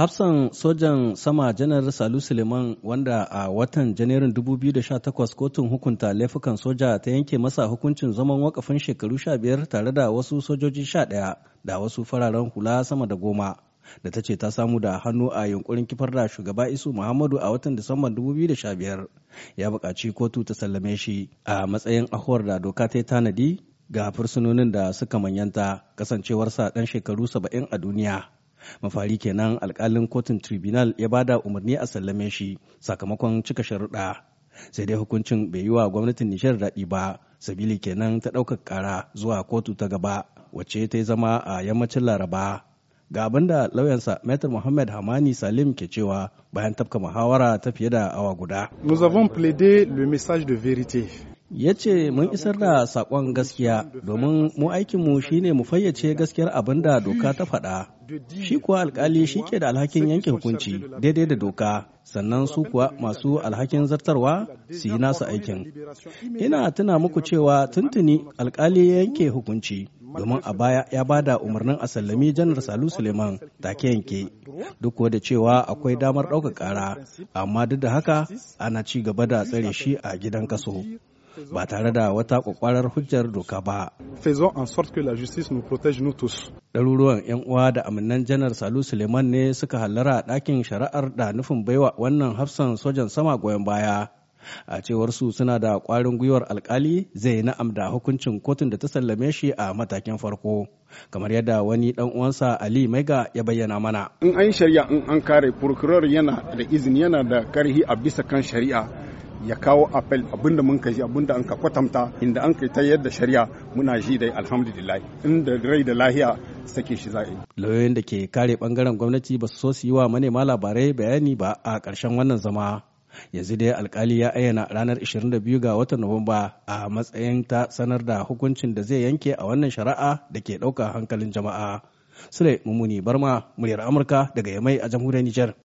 Hafsan sojan sama janar Salu Suleiman wanda a watan Janairun 2018 kotun hukunta laifukan soja ta yanke masa hukuncin zaman wakafin shekaru 15 tare da wasu sojoji 11 da wasu fararen hula sama da goma da ta ce ta samu da hannu a yunkurin kifar da shugaba Isu Muhammadu a watan Disamban 2015 ya buƙaci kotu ta sallame shi a matsayin ahuwar da doka ta yi tanadi ga fursunonin da suka manyanta kasancewarsa ɗan shekaru 70 a duniya. mafari kenan alkalin kotun tribunal ya bada umarni a sallame shi sakamakon cika sharuɗa sai dai hukuncin bai yi wa gwamnatin nishar daɗi ba sabili kenan ta ɗaukar ƙara zuwa kotu ta gaba wacce ta yi zama a yammacin laraba ga abin da lauyansa Maitre Mohamed Hamani Salim ke cewa bayan tafka muhawara ta fiye da awa guda. Nous avons plaidé le message de vérité. ya ce mun isar da saƙon gaskiya domin mu aikinmu shine mu fayyace gaskiyar abin da doka ta faɗa shi kuwa alkali shi ke da alhakin yanke hukunci daidai da doka sannan su kuwa masu alhakin zartarwa su yi nasu aikin ina tuna muku cewa tuntuni alkali ya yanke hukunci domin a baya ya ba da umarnin a sallami janar salu suleiman take yanke duk da cewa akwai damar ɗaukar ƙara amma duk da haka ana ci gaba da tsare shi a gidan kaso ba tare da wata kwakwarar hujjar doka ba. Faisons en sorte que la justice nous protège nous tous. Ɗaruruwan 'yan uwa da aminan janar Salu Suleiman ne suka hallara ɗakin shari'ar da nufin baiwa wannan hafsan sojan sama goyon baya. A cewar su suna da kwarin gwiwar alkali zai na'am da hukuncin kotun da ta sallame shi a matakin farko. kamar yadda wani dan uwansa Ali Maiga ya bayyana mana. In an shari'a in an kare prokuror yana da izini yana da karhi a bisa kan shari'a ya kawo apel abinda mun ka ji abinda an ka kwatanta inda an ka ta yadda shari'a muna ji dai alhamdulillah inda rai da lahiya sake shi za'a Lauyoyin da ke kare bangaren gwamnati ba su so su yi wa manema labarai bayani ba a ƙarshen wannan zama. Yanzu dai alkali ya ayyana ranar 22 ga watan Nuwamba a matsayin ta sanar da hukuncin da zai yanke a wannan shari'a da ke ɗauka hankalin jama'a. Sule Mumuni Barma, muryar Amurka daga Yamai a jamhuriyar Nijar.